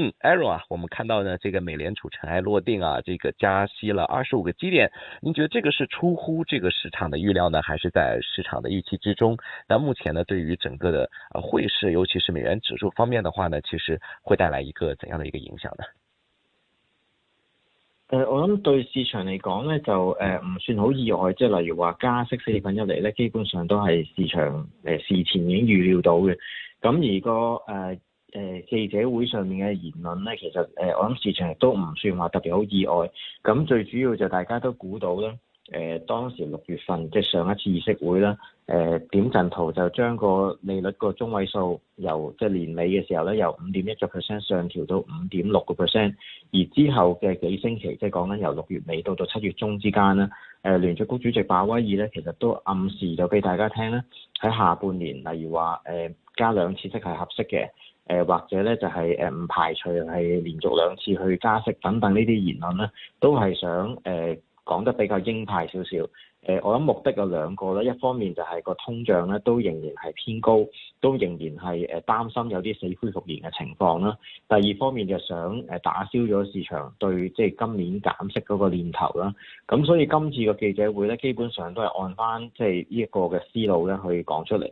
嗯，Aaron 啊，我們看到呢，這個美聯儲塵埃落定啊，這個加息了二十五個基點，您覺得這個是出乎這個市場的預料呢，還是在市場的預期之中？但目前呢，對於整個的呃匯市，尤其是美元指數方面的話呢，其實會帶來一個怎樣的一個影響呢？誒、呃，我諗對市場嚟講呢，就誒唔、呃、算好意外，即係例如話加息四分一厘呢，基本上都係市場誒、呃、事前已經預料到嘅，咁而個誒。呃誒、呃，記者會上面嘅言論咧，其實誒、呃，我諗市場都唔算話特別好意外。咁最主要就大家都估到啦。誒、呃，當時六月份即係上一次議息會啦，誒、呃，點陣圖就將個利率個中位數由即係年尾嘅時候咧，由五點一 percent 上調到五點六個 percent。而之後嘅幾星期，即係講緊由六月尾到到七月中之間啦，誒、呃，聯儲局主席鮑威爾咧，其實都暗示咗俾大家聽啦，喺下半年，例如話誒、呃，加兩次即係合適嘅。誒或者咧就係誒唔排除係連續兩次去加息等等論呢啲言論咧，都係想誒講、呃、得比較鷹派少少。誒、呃、我諗目的有兩個啦，一方面就係個通脹咧都仍然係偏高，都仍然係誒擔心有啲死灰復燃嘅情況啦。第二方面就想誒打消咗市場對即係今年減息嗰個念頭啦。咁所以今次個記者會咧，基本上都係按翻即係呢一個嘅思路咧去講出嚟，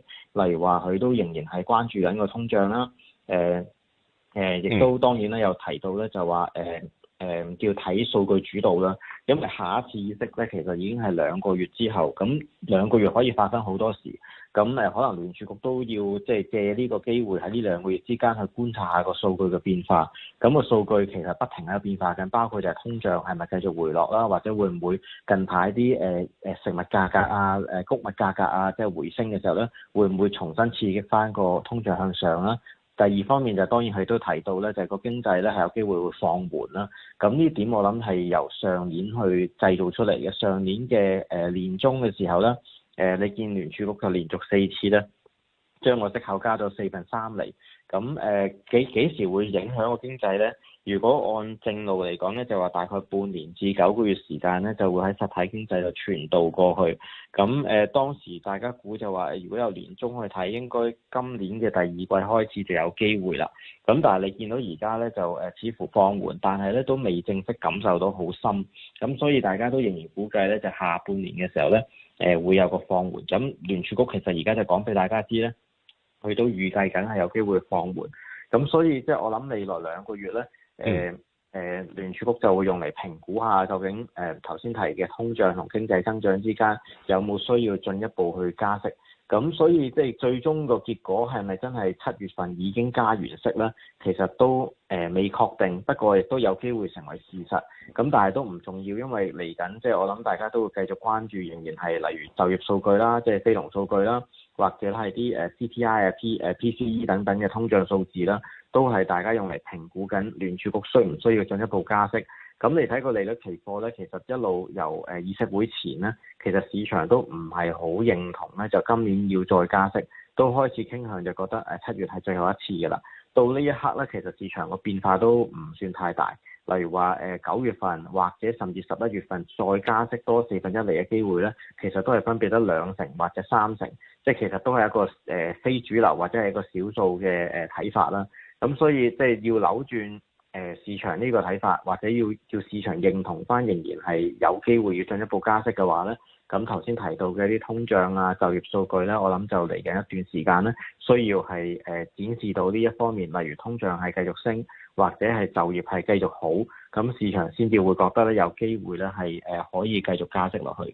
例如話佢都仍然係關注緊個通脹啦。誒誒，亦、呃、都當然咧，有提到咧，就話誒誒，叫睇數據主導啦。因為下一次議息咧，其實已經係兩個月之後，咁兩個月可以發生好多事，咁誒可能聯儲局都要即係借呢個機會喺呢兩個月之間去觀察下個數據嘅變化。咁、那個數據其實不停喺度變化緊，包括就係通脹係咪繼續回落啦，或者會唔會近排啲誒誒食物價格啊、誒穀物價格啊，即係回升嘅時候咧，會唔會重新刺激翻個通脹向上啊？第二方面就當然佢都提到咧，就係個經濟咧係有機會會放緩啦。咁呢點我諗係由上年去製造出嚟嘅。上年嘅誒年中嘅時候咧，誒你見聯儲局就連續四次咧將個息口加到四分三厘。咁誒幾幾時會影響個經濟咧？如果按正路嚟講咧，就話大概半年至九個月時間咧，就會喺實體經濟度傳導過去。咁誒、呃、當時大家估就話，如果有年中去睇，應該今年嘅第二季開始就有機會啦。咁但係你見到而家咧就誒、呃、似乎放緩，但係咧都未正式感受到好深。咁所以大家都仍然估計咧，就下半年嘅時候咧，誒、呃、會有個放緩。咁聯儲局其實而家就講俾大家知咧，佢都預計緊係有機會放緩。咁所以即係我諗未來兩個月咧。誒誒，聯儲、嗯、局就會用嚟評估下究竟誒頭先提嘅通脹同經濟增長之間有冇需要進一步去加息。咁所以即係最終個結果係咪真係七月份已經加完息呢？其實都誒、呃、未確定，不過亦都有機會成為事實。咁但係都唔重要，因為嚟緊即係我諗大家都會繼續關注，仍然係例如就業數據啦，即係非農數據啦。或者係啲誒 CPI 啊、P 誒 PCE 等等嘅通脹數字啦，都係大家用嚟評估緊聯儲局需唔需要進一步加息。咁你睇個利率期貨咧，其實一路由誒議息會前咧，其實市場都唔係好認同咧，就今年要再加息，都開始傾向就覺得誒七月係最後一次㗎啦。到呢一刻咧，其實市場個變化都唔算太大。例如話誒九月份或者甚至十一月份再加息多四分一釐嘅機會咧，其實都係分別得兩成或者三成。即係其實都係一個誒非主流或者係一個少數嘅誒睇法啦。咁所以即係要扭轉誒市場呢個睇法，或者要叫市場認同返仍然係有機會要進一步加息嘅話咧，咁頭先提到嘅一啲通脹啊、就業數據咧，我諗就嚟緊一段時間咧，需要係誒展示到呢一方面，例如通脹係繼續升，或者係就業係繼續好，咁市場先至會覺得咧有機會咧係誒可以繼續加息落去。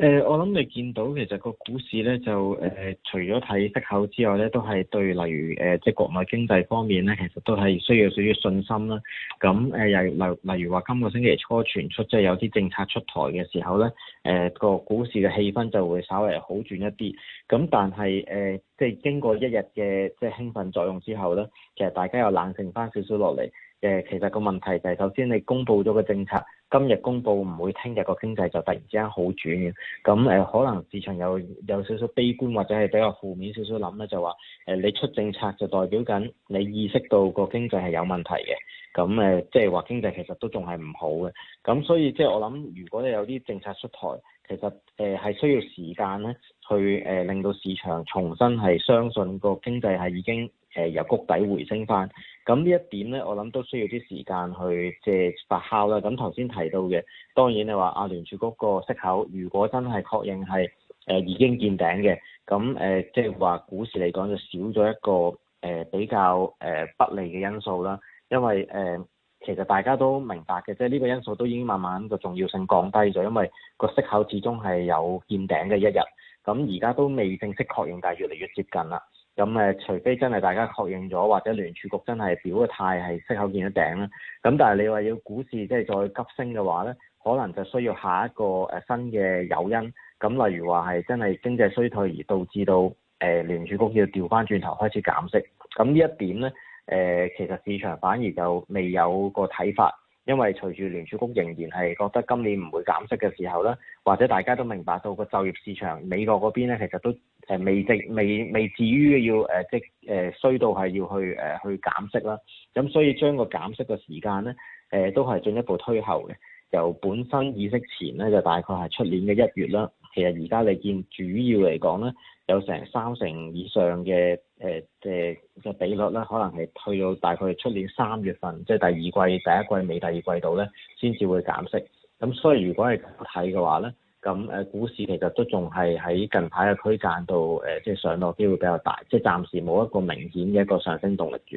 誒、呃，我諗你見到其實個股市咧就誒、呃，除咗睇息口之外咧，都係對例如誒，即、呃、係國內經濟方面咧，其實都係需要少少信心啦。咁誒，又、呃、例例如話今個星期初傳出即係有啲政策出台嘅時候咧，誒、呃、個股市嘅氣氛就會稍為好轉一啲。咁但係誒、呃，即係經過一日嘅即係興奮作用之後咧，其實大家又冷靜返少少落嚟。誒、呃，其實個問題就係首先你公佈咗個政策。今日公布唔會，聽日個經濟就突然之間好轉。咁誒、呃，可能市場有有少少悲觀，或者係比較負面少少諗咧，就話誒、呃、你出政策就代表緊你意識到個經濟係有問題嘅。咁誒、呃，即係話經濟其實都仲係唔好嘅。咁所以即係我諗，如果你有啲政策出台，其實誒係、呃、需要時間咧，去誒、呃、令到市場重新係相信個經濟係已經誒由谷底回升翻。咁呢一點咧，我諗都需要啲時間去即係發酵啦。咁頭先提提到嘅，當然你話美聯儲嗰個息口，如果真係確認係誒、呃、已經見頂嘅，咁誒、呃、即係話股市嚟講就少咗一個誒、呃、比較誒、呃、不利嘅因素啦，因為誒、呃、其實大家都明白嘅，即係呢個因素都已經慢慢個重要性降低咗，因為個息口始終係有見頂嘅一日，咁而家都未正式確認，但係越嚟越接近啦。咁誒，除非真係大家確認咗，或者聯儲局真係表個態，係息口見到頂啦。咁但係你話要股市即係再急升嘅話咧，可能就需要下一個誒新嘅誘因。咁例如話係真係經濟衰退而導致到誒聯儲局要調翻轉頭開始減息。咁呢一點咧，誒、呃、其實市場反而就未有個睇法，因為隨住聯儲局仍然係覺得今年唔會減息嘅時候咧，或者大家都明白到個就業市場美國嗰邊咧，其實都。誒未定未未至於要誒、呃、即誒、呃、衰到係要去誒、呃、去減息啦，咁、嗯、所以將個減息嘅時間咧誒、呃、都係進一步推後嘅，由本身意識前咧就大概係出年嘅一月啦。其實而家你見主要嚟講咧，有成三成以上嘅誒嘅嘅比率咧，可能係去到大概出年三月份，即、就、係、是、第二季第一季尾第二季度咧，先至會減息。咁、嗯、所以如果係睇嘅話咧。咁誒，股市其實都仲係喺近排嘅區間度，誒，即係上落機會比較大，即係暫時冇一個明顯嘅一個上升動力住。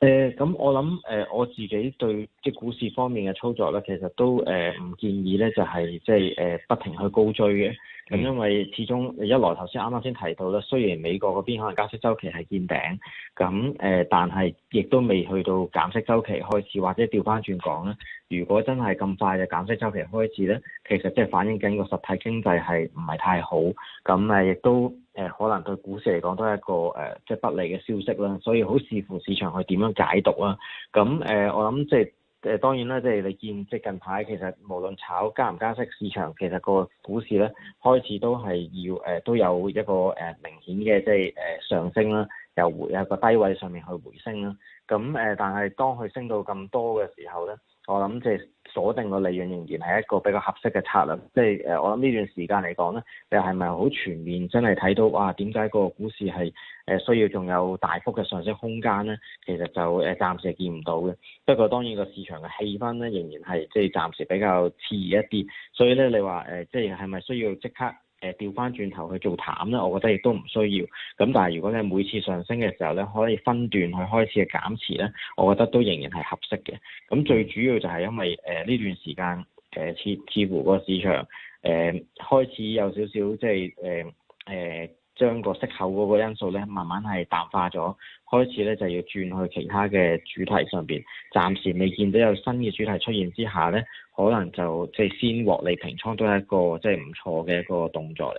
誒，咁、呃、我諗誒、呃，我自己對即係股市方面嘅操作咧，其實都誒唔、呃、建議咧，就係即係誒不停去高追嘅。咁因為始終一來頭先啱啱先提到啦，雖然美國嗰邊可能加息周期係見頂，咁誒、呃，但係亦都未去到減息周期開始，或者調返轉講咧，如果真係咁快就減息周期開始咧，其實即係反映緊個實體經濟係唔係太好，咁誒亦都。誒可能對股市嚟講都係一個誒、呃、即係不利嘅消息啦，所以好視乎市場去點樣解讀啦。咁誒、呃，我諗即係誒、呃、當然啦，即係你見即近排其實無論炒加唔加息，市場其實個股市咧開始都係要誒、呃、都有一個誒明顯嘅即係誒、呃、上升啦，又回一個低位上面去回升啦。咁誒、呃，但係當佢升到咁多嘅時候咧，我諗即係。鎖定個利潤仍然係一個比較合適嘅策略，即係誒，我諗呢段時間嚟講咧，又係咪好全面真係睇到哇？點解個股市係誒需要仲有大幅嘅上升空間咧？其實就誒暫時見唔到嘅。不過當然個市場嘅氣氛咧，仍然係即係暫時比較熾熱一啲。所以咧，你話誒，即係係咪需要即刻？誒掉返轉頭去做淡咧，我覺得亦都唔需要。咁但係如果你每次上升嘅時候咧，可以分段去開始嘅減持咧，我覺得都仍然係合適嘅。咁最主要就係因為誒呢、呃、段時間誒似、呃、似乎個市場誒、呃、開始有少少即係誒誒。即係呃呃將個息口嗰個因素咧，慢慢係淡化咗，開始咧就要轉去其他嘅主題上邊。暫時未見到有新嘅主題出現之下咧，可能就即係先獲利平倉都係一個即係唔錯嘅一個動作嚟。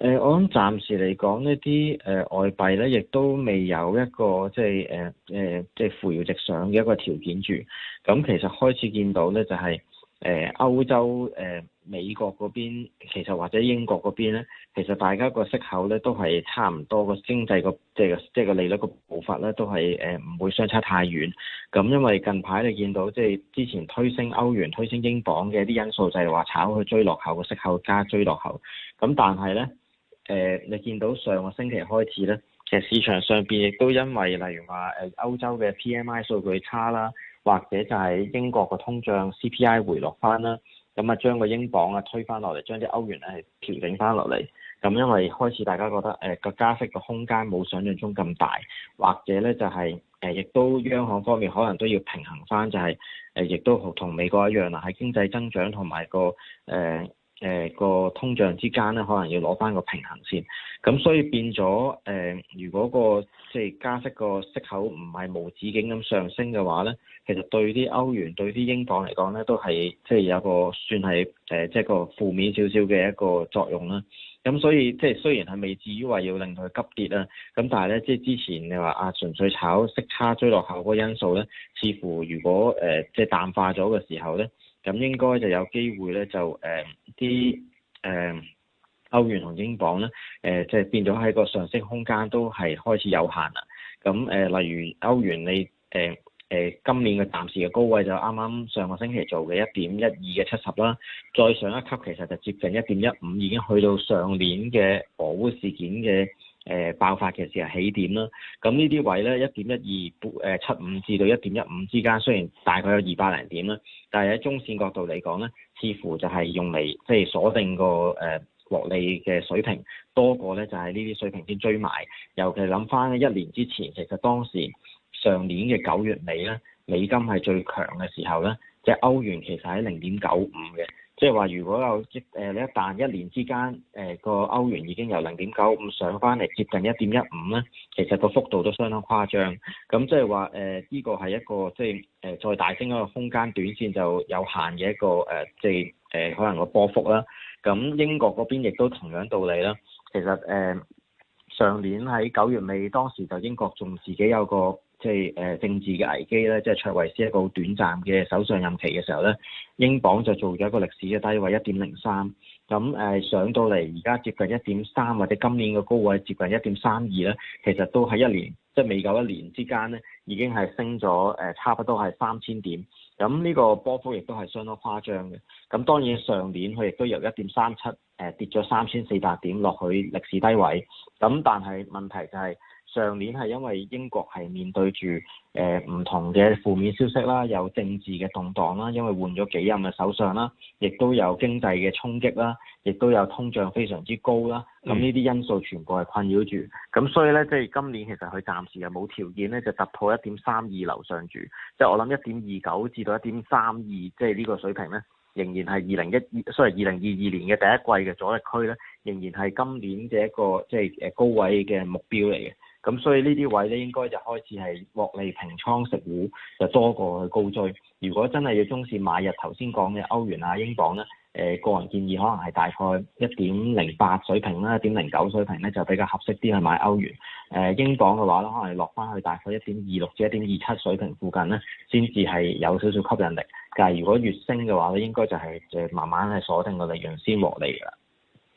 誒、呃，我諗暫時嚟講、呃、呢啲誒外幣咧，亦都未有一個即係誒誒，即係、呃、扶搖直上嘅一個條件住。咁、嗯、其實開始見到咧，就係誒歐洲、誒、呃、美國嗰邊，其實或者英國嗰邊咧，其實大家個息口咧都係差唔多，個經濟個即係即係個利率個步伐咧都係誒唔會相差太遠。咁、嗯、因為近排你見到即係之前推升歐元、推升英鎊嘅啲因素，就係話炒去追落後個息口加追落後。咁但係咧。呢誒、呃，你見到上個星期開始咧，其實市場上邊亦都因為例如話誒歐洲嘅 PMI 數據差啦，或者就係英國個通脹 CPI 回落翻啦，咁啊將個英鎊啊推翻落嚟，將啲歐元咧係調整翻落嚟。咁因為開始大家覺得誒個、呃、加息個空間冇想像中咁大，或者咧就係誒亦都央行方面可能都要平衡翻、就係，就係誒亦都同同美國一樣啦，喺經濟增長同埋個誒。呃誒個通脹之間咧，可能要攞翻個平衡先，咁所以變咗誒、呃，如果個即係加息個息口唔係無止境咁上升嘅話咧，其實對啲歐元對啲英鎊嚟講咧，都係即係有個算係誒、呃，即係個負面少少嘅一個作用啦。咁所以即係雖然係未至於話要令佢急跌啊，咁但係咧，即係之前你話啊，純粹炒息差追落後嗰因素咧，似乎如果誒、呃、即係淡化咗嘅時候咧。咁應該就有機會咧，就誒啲誒歐元同英鎊咧，誒即係變咗喺個上升空間都係開始有限啦。咁誒、呃，例如歐元你誒誒、呃呃、今年嘅暫時嘅高位就啱啱上個星期做嘅一點一二嘅七十啦，再上一級其實就接近一點一五，已經去到上年嘅俄烏事件嘅。誒爆發嘅時候起點啦，咁呢啲位咧，一點一二誒七五至到一點一五之間，雖然大概有二百零點啦，但係喺中線角度嚟講咧，似乎就係用嚟即係鎖定個誒、呃、獲利嘅水平多過咧，就係呢啲水平先追埋。尤其諗翻一年之前，其實當時上年嘅九月尾咧，美金係最強嘅時候咧，即係歐元其實喺零點九五嘅。即係話，如果有即你一旦一年之間，誒個歐元已經由零點九五上翻嚟接近一點一五咧，其實個幅度都相當誇張。咁即係話，誒、呃、依、呢個係一個即係誒、呃、再大升嗰個空間，短線就有限嘅一個誒、呃，即係誒、呃、可能個波幅啦。咁英國嗰邊亦都同樣道理啦。其實誒、呃、上年喺九月尾，當時就英國仲自己有個。即係誒政治嘅危機咧，即係卓維斯一個好短暫嘅首相任期嘅時候咧，英鎊就做咗一個歷史嘅低位一點零三，咁誒上到嚟而家接近一點三或者今年嘅高位接近一點三二咧，其實都喺一年即係未夠一年之間咧，已經係升咗誒差不多係三千點，咁呢個波幅亦都係相當誇張嘅。咁當然上年佢亦都由一點三七誒跌咗三千四百點落去歷史低位，咁但係問題就係。上年係因為英國係面對住誒唔同嘅負面消息啦，有政治嘅動盪啦，因為換咗幾任嘅首相啦，亦都有經濟嘅衝擊啦，亦都有通脹非常之高啦。咁呢啲因素全部係困擾住，咁所以咧，即係今年其實佢暫時係冇條件咧，就突破一點三二樓上住。即係我諗一點二九至到一點三二，即係呢個水平咧，仍然係二零一二，所以二零二二年嘅第一季嘅阻力區咧，仍然係今年嘅一個即係誒高位嘅目標嚟嘅。咁所以呢啲位咧，應該就開始係獲利平倉食糊，就多過去高追。如果真係要中市買日頭先講嘅歐元啊、英鎊咧，誒、呃、個人建議可能係大概一點零八水平啦、一點零九水平咧就比較合適啲去買歐元。誒、呃、英鎊嘅話咧，可能落翻去大概一點二六至一點二七水平附近咧，先至係有少少吸引力。但係如果越升嘅話咧，應該就係誒慢慢係鎖定個利潤先獲利㗎。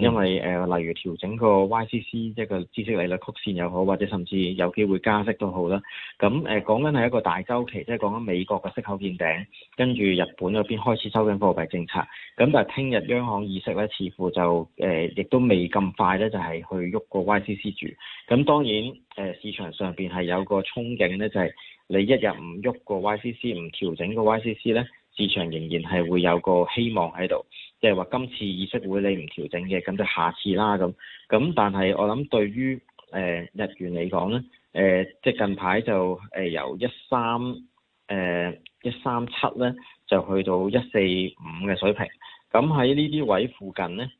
嗯、因為誒、呃，例如調整個 YCC，即係個孳息利率曲線又好，或者甚至有機會加息都好啦。咁誒講緊係一個大周期，即係講緊美國嘅息口見頂，跟住日本嗰邊開始收緊貨幣政策。咁但係聽日央行議息咧，似乎就誒亦、呃、都未咁快咧，就係、是、去喐個 YCC 住。咁當然誒、呃、市場上邊係有個憧憬咧，就係、是、你一日唔喐個 YCC，唔調整個 YCC 咧，市場仍然係會有個希望喺度。即係話今次議息會你唔調整嘅，咁就下次啦咁。咁但係我諗對於誒日元嚟講咧，誒、呃、即係近排就誒由一三誒一三七咧，就去到一四五嘅水平。咁喺呢啲位附近咧，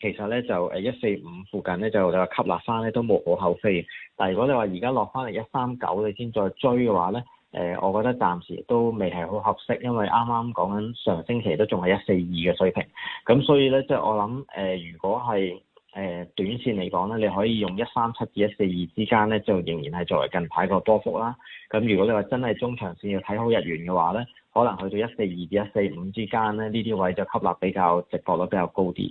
其實咧就誒一四五附近咧就你話吸納翻咧都無可厚非。但係如果你話而家落翻嚟一三九，你先再追嘅話咧？誒、呃，我覺得暫時都未係好合適，因為啱啱講緊上星期都仲係一四二嘅水平，咁所以呢，即係我諗誒、呃，如果係誒、呃、短線嚟講呢，你可以用一三七至一四二之間呢，就仍然係作為近排個波幅啦。咁如果你話真係中長線要睇好日元嘅話呢，可能去到一四二至一四五之間呢，呢啲位就吸納比較值博率比較高啲。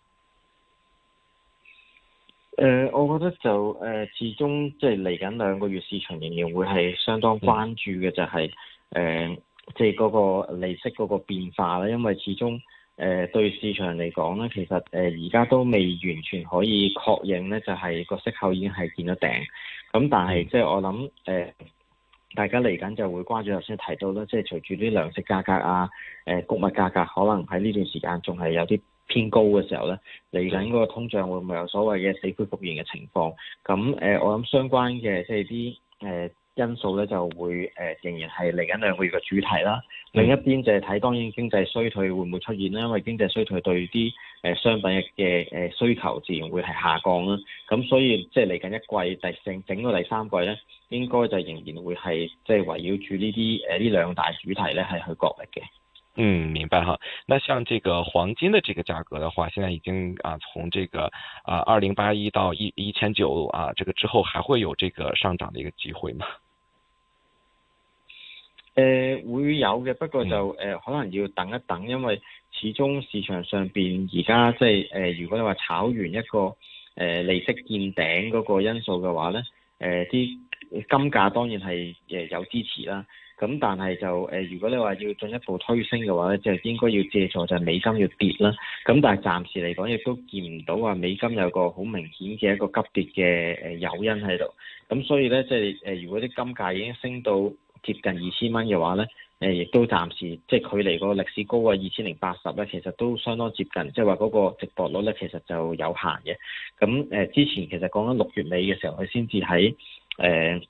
誒、呃，我覺得就誒、呃，始終即係嚟緊兩個月，市場仍然會係相當關注嘅、嗯，就是呃，就係誒，即係嗰個利息嗰個變化啦。因為始終誒、呃、對市場嚟講咧，其實誒而家都未完全可以確認咧，就係個息口已經係見到頂。咁但係即係我諗誒、呃，大家嚟緊就會關注頭先提到啦，即係隨住啲糧食價格啊、誒、呃、谷物價格，可能喺呢段時間仲係有啲偏高嘅時候咧，嚟緊嗰個通脹會唔會有所謂嘅死灰復燃嘅情況？咁誒、呃，我諗相關嘅即係啲誒因素咧，就會誒、呃、仍然係嚟緊兩個月嘅主題啦。另一邊就係睇當然經濟衰退會唔會出現啦，因為經濟衰退對啲誒商品嘅誒需求自然會係下降啦。咁所以即係嚟緊一季第整整個第三季咧，應該就仍然會係即係圍繞住呢啲誒呢兩大主題咧，係去角力嘅。嗯，明白哈。那像這個黃金的這個價格的話，現在已經啊從這個啊二零八一到一一千九啊，這個之後還會有這個上漲的一個機會嗎？誒、呃、會有嘅，不過就誒、呃、可能要等一等，因為始終市場上邊而家即係誒、呃、如果你話炒完一個誒、呃、利息見頂嗰個因素嘅話咧，誒、呃、啲金價當然係誒有支持啦。咁但係就誒、呃，如果你話要進一步推升嘅話咧，即係應該要借助就係美金要跌啦。咁但係暫時嚟講亦都見唔到話美金有個好明顯嘅一個急跌嘅誒誘因喺度。咁、呃呃、所以咧，即係誒，如果啲金價已經升到接近二千蚊嘅話咧，誒、呃、亦都暫時即係、就是、距離個歷史高啊二千零八十咧，其實都相當接近，即係話嗰個值博率咧其實就有限嘅。咁、嗯、誒、呃、之前其實講緊六月尾嘅時候，佢先至喺誒。呃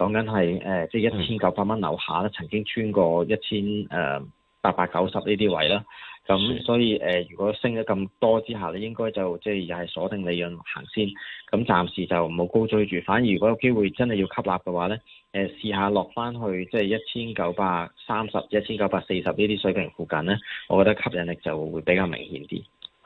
講緊係誒，即係一千九百蚊樓下咧，曾經穿過一千誒八百九十呢啲位啦。咁所以誒、呃，如果升咗咁多之下咧，應該就即係又係鎖定利潤行先。咁暫時就唔好高追住。反而如果有機會真係要吸納嘅話咧，誒、呃、試下落翻去即係一千九百三十、一千九百四十呢啲水平附近咧，我覺得吸引力就會比較明顯啲。